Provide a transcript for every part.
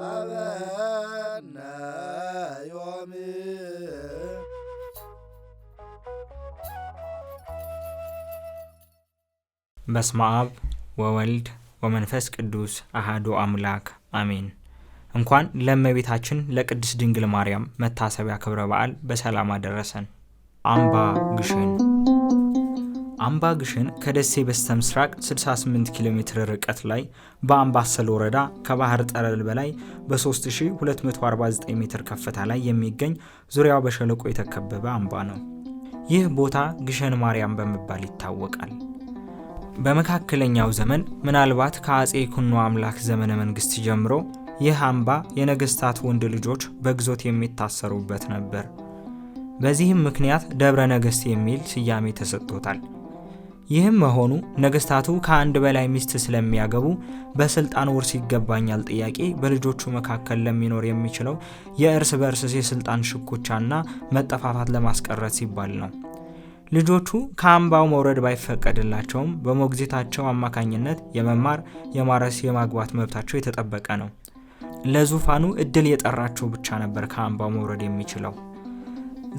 አበነ ዮሚ በስመ አብ ወወልድ ወመንፈስ ቅዱስ አህዶ አምላክ አሜን። እንኳን ለእመቤታችን ለቅድስት ድንግል ማርያም መታሰቢያ ክብረ በዓል በሰላም አደረሰን። አምባ ግሸን አምባ ግሽን ከደሴ በስተ ምስራቅ 68 ኪሎ ሜትር ርቀት ላይ በአምባሰል ወረዳ ከባህር ጠለል በላይ በ3249 ሜትር ከፍታ ላይ የሚገኝ ዙሪያው በሸለቆ የተከበበ አምባ ነው። ይህ ቦታ ግሸን ማርያም በመባል ይታወቃል። በመካከለኛው ዘመን ምናልባት ከአጼ ኩኖ አምላክ ዘመነ መንግስት ጀምሮ ይህ አምባ የነገስታት ወንድ ልጆች በግዞት የሚታሰሩበት ነበር። በዚህም ምክንያት ደብረ ነገስት የሚል ስያሜ ተሰጥቶታል። ይህም መሆኑ ነገስታቱ ከአንድ በላይ ሚስት ስለሚያገቡ በስልጣን ውርስ ይገባኛል ጥያቄ በልጆቹ መካከል ለሚኖር የሚችለው የእርስ በእርስ የስልጣን ሽኩቻና መጠፋፋት ለማስቀረት ሲባል ነው። ልጆቹ ከአምባው መውረድ ባይፈቀድላቸውም በሞግዚታቸው አማካኝነት የመማር፣ የማረስ፣ የማግባት መብታቸው የተጠበቀ ነው። ለዙፋኑ እድል የጠራቸው ብቻ ነበር ከአምባው መውረድ የሚችለው።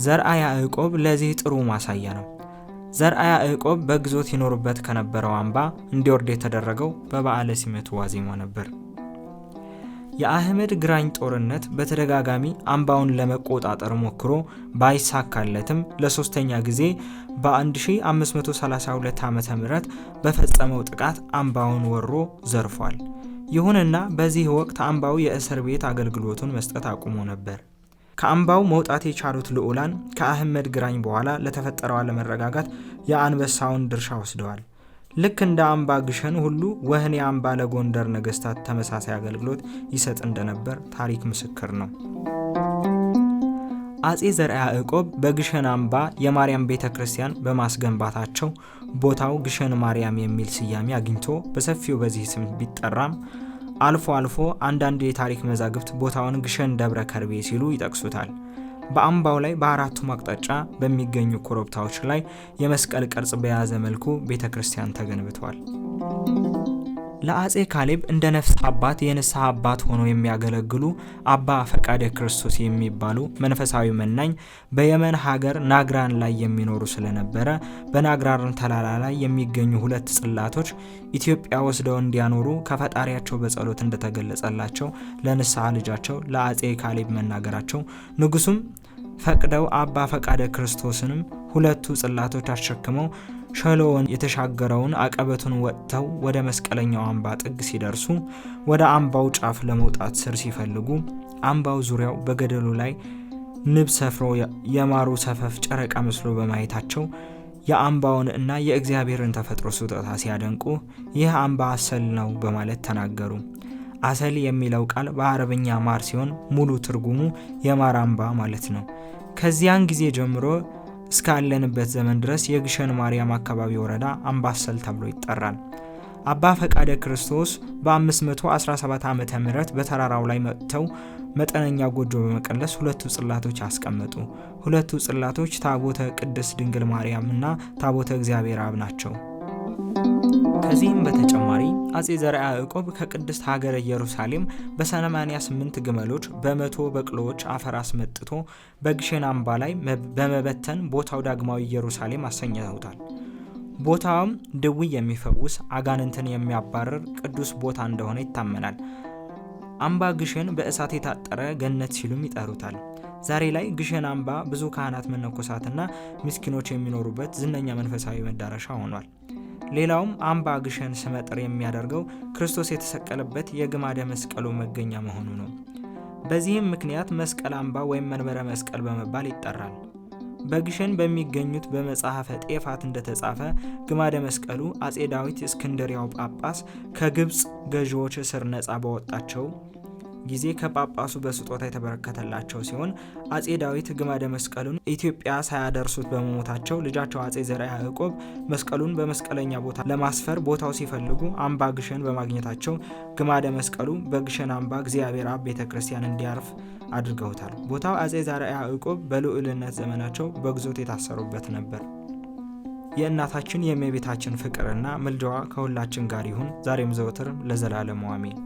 ዘርአ ያዕቆብ ለዚህ ጥሩ ማሳያ ነው። ዘርአያ ያዕቆብ በግዞት ይኖሩበት ከነበረው አምባ እንዲወርድ የተደረገው በበዓለ ሲመቱ ዋዜማ ነበር። የአህመድ ግራኝ ጦርነት በተደጋጋሚ አምባውን ለመቆጣጠር ሞክሮ ባይሳካለትም ለሶስተኛ ጊዜ በ1532 ዓ ም በፈጸመው ጥቃት አምባውን ወሮ ዘርፏል። ይሁንና በዚህ ወቅት አምባው የእስር ቤት አገልግሎቱን መስጠት አቁሞ ነበር። ከአምባው መውጣት የቻሉት ልዑላን ከአህመድ ግራኝ በኋላ ለተፈጠረው አለመረጋጋት የአንበሳውን ድርሻ ወስደዋል። ልክ እንደ አምባ ግሸን ሁሉ ወህኒ አምባ ለጎንደር ነገስታት ተመሳሳይ አገልግሎት ይሰጥ እንደነበር ታሪክ ምስክር ነው። አጼ ዘርዓ ያዕቆብ በግሸን አምባ የማርያም ቤተ ክርስቲያን በማስገንባታቸው ቦታው ግሸን ማርያም የሚል ስያሜ አግኝቶ በሰፊው በዚህ ስም ቢጠራም አልፎ አልፎ አንዳንድ የታሪክ መዛግብት ቦታውን ግሸን ደብረ ከርቤ ሲሉ ይጠቅሱታል። በአምባው ላይ በአራቱም አቅጣጫ በሚገኙ ኮረብታዎች ላይ የመስቀል ቅርጽ በያዘ መልኩ ቤተ ክርስቲያን ተገንብቷል። ለአጼ ካሌብ እንደ ነፍስ አባት የንስሐ አባት ሆኖ የሚያገለግሉ አባ ፈቃደ ክርስቶስ የሚባሉ መንፈሳዊ መናኝ በየመን ሀገር ናግራን ላይ የሚኖሩ ስለነበረ በናግራን ተላላ ላይ የሚገኙ ሁለት ጽላቶች ኢትዮጵያ ወስደው እንዲያኖሩ ከፈጣሪያቸው በጸሎት እንደተገለጸላቸው ለንስሐ ልጃቸው ለአጼ ካሌብ መናገራቸው ንጉሱም ፈቅደው አባ ፈቃደ ክርስቶስንም ሁለቱ ጽላቶች አሸክመው ሸለውን የተሻገረውን አቀበቱን ወጥተው ወደ መስቀለኛው አምባ ጥግ ሲደርሱ ወደ አምባው ጫፍ ለመውጣት ስር ሲፈልጉ አምባው ዙሪያው በገደሉ ላይ ንብ ሰፍሮ የማሩ ሰፈፍ ጨረቃ መስሎ በማየታቸው የአምባውን እና የእግዚአብሔርን ተፈጥሮ ስጦታ ሲያደንቁ ይህ አምባ አሰል ነው በማለት ተናገሩ። አሰል የሚለው ቃል በአረብኛ ማር ሲሆን ሙሉ ትርጉሙ የማር አምባ ማለት ነው። ከዚያን ጊዜ ጀምሮ እስካለንበት ዘመን ድረስ የግሸን ማርያም አካባቢ ወረዳ አምባሰል ተብሎ ይጠራል። አባ ፈቃደ ክርስቶስ በ517 ዓ ም በተራራው ላይ መጥተው መጠነኛ ጎጆ በመቀለስ ሁለቱ ጽላቶች አስቀመጡ። ሁለቱ ጽላቶች ታቦተ ቅድስት ድንግል ማርያም እና ታቦተ እግዚአብሔር አብ ናቸው። ከዚህም በተጨማሪ አጼ ዘርዓ ያዕቆብ ከቅድስት ሀገር ኢየሩሳሌም በ88 ግመሎች በመቶ በቅሎዎች አፈር አስመጥቶ በግሽን አምባ ላይ በመበተን ቦታው ዳግማዊ ኢየሩሳሌም አሰኝተውታል። ቦታውም ድውይ የሚፈውስ አጋንንትን የሚያባርር ቅዱስ ቦታ እንደሆነ ይታመናል። አምባ ግሽን በእሳት የታጠረ ገነት ሲሉም ይጠሩታል። ዛሬ ላይ ግሽን አምባ ብዙ ካህናት፣ መነኮሳትና ምስኪኖች የሚኖሩበት ዝነኛ መንፈሳዊ መዳረሻ ሆኗል። ሌላውም አምባ ግሸን ስመጥር የሚያደርገው ክርስቶስ የተሰቀለበት የግማደ መስቀሉ መገኛ መሆኑ ነው። በዚህም ምክንያት መስቀል አምባ ወይም መንበረ መስቀል በመባል ይጠራል። በግሸን በሚገኙት በመጽሐፈ ጤፋት እንደተጻፈ ግማደ መስቀሉ አጼ ዳዊት እስክንድሪያው ጳጳስ ከግብፅ ገዢዎች እስር ነፃ በወጣቸው ጊዜ ከጳጳሱ በስጦታ የተበረከተላቸው ሲሆን አጼ ዳዊት ግማደ መስቀሉን ኢትዮጵያ ሳያደርሱት በመሞታቸው ልጃቸው አጼ ዘርዓ ያዕቆብ መስቀሉን በመስቀለኛ ቦታ ለማስፈር ቦታው ሲፈልጉ አምባ ግሸን በማግኘታቸው ግማደ መስቀሉ በግሸን አምባ እግዚአብሔር አብ ቤተ ክርስቲያን እንዲያርፍ አድርገውታል። ቦታው አጼ ዘርዓ ያዕቆብ በልዑልነት ዘመናቸው በግዞት የታሰሩበት ነበር። የእናታችን የእመቤታችን ፍቅርና ምልጃዋ ከሁላችን ጋር ይሁን ዛሬም ዘወትር ለዘላለሙ አሜን።